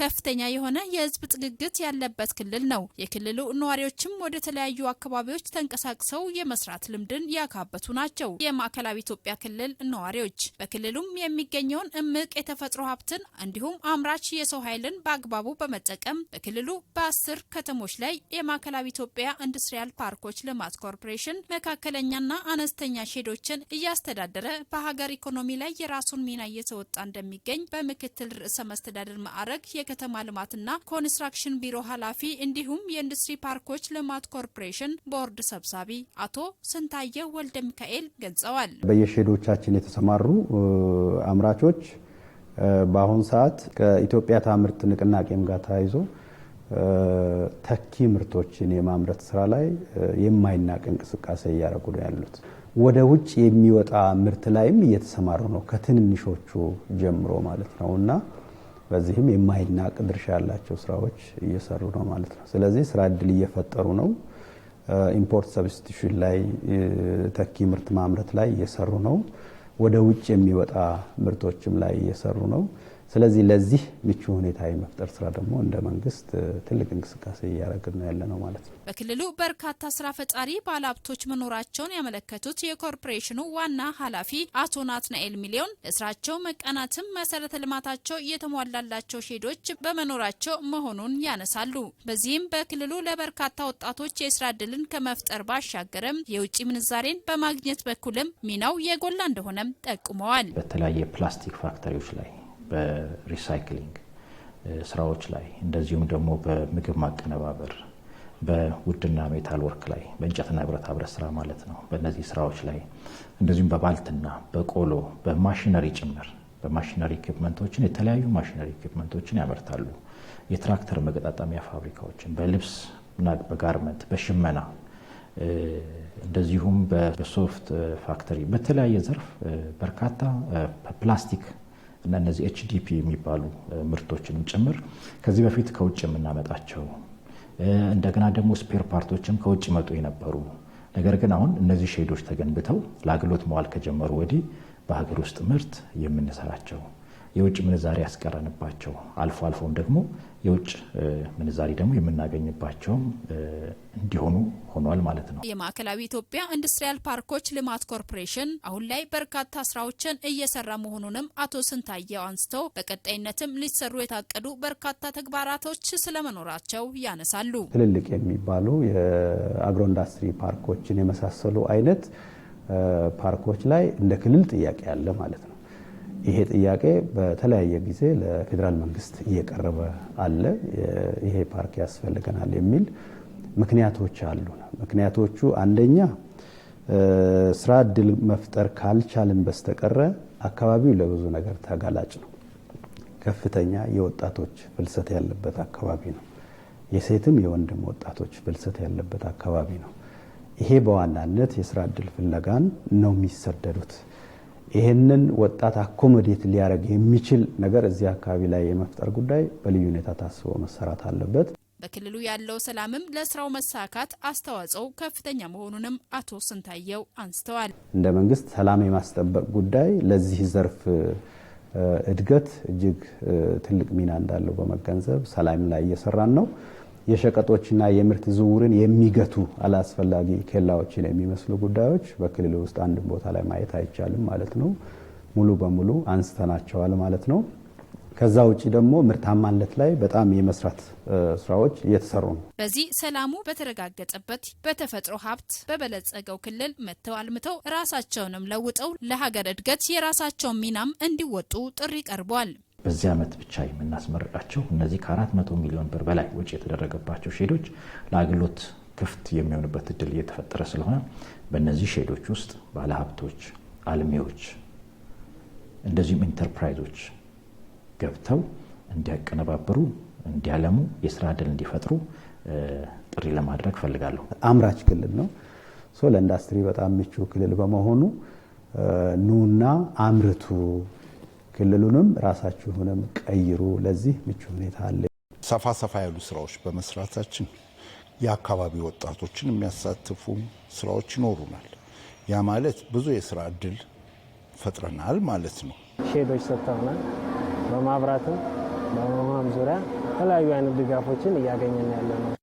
ከፍተኛ የሆነ የህዝብ ጥግግት ያለበት ክልል ነው። የክልሉ ነዋሪዎችም ወደ ተለያዩ አካባቢዎች ተንቀሳቅሰው የመስራት ልምድን ያካበቱ ናቸው። የማዕከላዊ ኢትዮጵያ ክልል ነዋሪዎች በክልሉም የሚገኘውን እምቅ የተፈጥሮ ሀብትን እንዲሁም አምራች የሰው ኃይልን በአግባቡ በመጠቀም በክልሉ በአስር ከተሞች ላይ የማዕከላዊ ኢትዮጵያ ኢንዱስትሪያል ፓርኮች ልማት ኮርፖሬሽን መካከለኛና አነስተኛ ሼዶችን እያስተዳደረ በሀገር ኢኮኖሚ ላይ የራሱን ሚና እየተወጣ እንደሚገኝ በምክትል ርዕሰ መስተዳድር ማዕረግ የከተማ ልማትና ኮንስትራክሽን ቢሮ ኃላፊ እንዲሁም የኢንዱስትሪ ፓርኮች ልማት ኮርፖሬሽን ቦርድ ሰብሳቢ አቶ ስንታየው ወልደ ሚካኤል ገልጸዋል። በየሼዶቻችን የተሰማሩ አምራቾች በአሁኑ ሰዓት ከኢትዮጵያ ታምርት ንቅናቄም ጋር ተያይዞ ተኪ ምርቶችን የማምረት ስራ ላይ የማይናቅ እንቅስቃሴ እያደረጉ ነው ያሉት። ወደ ውጭ የሚወጣ ምርት ላይም እየተሰማሩ ነው ከትንንሾቹ ጀምሮ ማለት ነው እና በዚህም የማይናቅ ድርሻ ያላቸው ስራዎች እየሰሩ ነው ማለት ነው። ስለዚህ ስራ እድል እየፈጠሩ ነው። ኢምፖርት ሰብስቲቱሽን ላይ ተኪ ምርት ማምረት ላይ እየሰሩ ነው። ወደ ውጭ የሚወጣ ምርቶችም ላይ እየሰሩ ነው። ስለዚህ ለዚህ ምቹ ሁኔታ የመፍጠር ስራ ደግሞ እንደ መንግስት ትልቅ እንቅስቃሴ እያደረግን ነው ያለ ነው ማለት ነው። በክልሉ በርካታ ስራ ፈጣሪ ባለሀብቶች መኖራቸውን ያመለከቱት የኮርፖሬሽኑ ዋና ኃላፊ አቶ ናትናኤል ሚሊዮን ለስራቸው መቀናትም መሰረተ ልማታቸው እየተሟላላቸው ሼዶች በመኖራቸው መሆኑን ያነሳሉ። በዚህም በክልሉ ለበርካታ ወጣቶች የስራ እድልን ከመፍጠር ባሻገርም የውጭ ምንዛሬን በማግኘት በኩልም ሚናው የጎላ እንደሆነም ጠቁመዋል። በተለያየ ፕላስቲክ ፋክተሪዎች ላይ በሪሳይክሊንግ ስራዎች ላይ እንደዚሁም ደግሞ በምግብ ማቀነባበር፣ በውድና ሜታል ወርክ ላይ በእንጨትና ብረታ ብረት ስራ ማለት ነው። በእነዚህ ስራዎች ላይ እንደዚሁም በባልትና በቆሎ በማሽነሪ ጭምር በማሽነሪ ኢኩፕመንቶችን የተለያዩ ማሽነሪ ኢኩፕመንቶችን ያመርታሉ። የትራክተር መገጣጠሚያ ፋብሪካዎችን በልብስ እና በጋርመንት በሽመና እንደዚሁም በሶፍት ፋክተሪ በተለያየ ዘርፍ በርካታ በፕላስቲክ እና እነዚህ ኤችዲፒ የሚባሉ ምርቶችንም ጭምር ከዚህ በፊት ከውጭ የምናመጣቸው እንደገና ደግሞ ስፔር ፓርቶችም ከውጭ መጡ የነበሩ ነገር ግን አሁን እነዚህ ሼዶች ተገንብተው ለአገልግሎት መዋል ከጀመሩ ወዲህ በሀገር ውስጥ ምርት የምንሰራቸው የውጭ ምንዛሪ ያስቀረንባቸው አልፎ አልፎም ደግሞ የውጭ ምንዛሪ ደግሞ የምናገኝባቸውም እንዲሆኑ ሆኗል ማለት ነው። የማዕከላዊ ኢትዮጵያ ኢንዱስትሪያል ፓርኮች ልማት ኮርፖሬሽን አሁን ላይ በርካታ ስራዎችን እየሰራ መሆኑንም አቶ ስንታየው አንስተው በቀጣይነትም ሊሰሩ የታቀዱ በርካታ ተግባራቶች ስለመኖራቸው ያነሳሉ። ትልልቅ የሚባሉ የአግሮ ኢንዱስትሪ ፓርኮችን የመሳሰሉ አይነት ፓርኮች ላይ እንደ ክልል ጥያቄ አለ ማለት ነው። ይሄ ጥያቄ በተለያየ ጊዜ ለፌዴራል መንግስት እየቀረበ አለ። ይሄ ፓርክ ያስፈልገናል የሚል ምክንያቶች አሉ። ምክንያቶቹ አንደኛ ስራ እድል መፍጠር ካልቻልን በስተቀረ አካባቢው ለብዙ ነገር ተጋላጭ ነው። ከፍተኛ የወጣቶች ፍልሰት ያለበት አካባቢ ነው። የሴትም የወንድም ወጣቶች ፍልሰት ያለበት አካባቢ ነው። ይሄ በዋናነት የስራ እድል ፍለጋን ነው የሚሰደዱት። ይህንን ወጣት አኮሞዴት ሊያደርግ የሚችል ነገር እዚህ አካባቢ ላይ የመፍጠር ጉዳይ በልዩ ሁኔታ ታስቦ መሰራት አለበት። በክልሉ ያለው ሰላምም ለስራው መሳካት አስተዋጽኦው ከፍተኛ መሆኑንም አቶ ስንታየው አንስተዋል። እንደ መንግስት ሰላም የማስጠበቅ ጉዳይ ለዚህ ዘርፍ እድገት እጅግ ትልቅ ሚና እንዳለው በመገንዘብ ሰላም ላይ እየሰራን ነው። የሸቀጦችና የምርት ዝውውርን የሚገቱ አላስፈላጊ ኬላዎችን የሚመስሉ ጉዳዮች በክልል ውስጥ አንድ ቦታ ላይ ማየት አይቻልም ማለት ነው። ሙሉ በሙሉ አንስተናቸዋል ማለት ነው። ከዛ ውጭ ደግሞ ምርታማነት ላይ በጣም የመስራት ስራዎች እየተሰሩ ነው። በዚህ ሰላሙ በተረጋገጠበት በተፈጥሮ ሀብት በበለጸገው ክልል መጥተው አልምተው ራሳቸውንም ለውጠው ለሀገር እድገት የራሳቸውን ሚናም እንዲወጡ ጥሪ ቀርቧል። በዚህ ዓመት ብቻ የምናስመርቃቸው እነዚህ ከ መቶ ሚሊዮን ብር በላይ ወጪ የተደረገባቸው ሼዶች ለአገልግሎት ክፍት የሚሆንበት እድል እየተፈጠረ ስለሆነ በእነዚህ ሼዶች ውስጥ ባለሀብቶች፣ አልሚዎች እንደዚሁም ኢንተርፕራይዞች ገብተው እንዲያቀነባብሩ፣ እንዲያለሙ፣ የስራ እድል እንዲፈጥሩ ጥሪ ለማድረግ ፈልጋለሁ። አምራች ክልል ነው። ለኢንዱስትሪ በጣም ምቹ ክልል በመሆኑ ኑና አምርቱ ክልሉንም ራሳችሁንም ቀይሩ። ለዚህ ምቹ ሁኔታ አለ። ሰፋ ሰፋ ያሉ ስራዎች በመስራታችን የአካባቢ ወጣቶችን የሚያሳትፉ ስራዎች ይኖሩናል። ያ ማለት ብዙ የስራ እድል ፈጥረናል ማለት ነው። ሼዶች ሰጥተውናል። በማብራትም በመሆም ዙሪያ የተለያዩ አይነት ድጋፎችን እያገኘን ያለ ነው።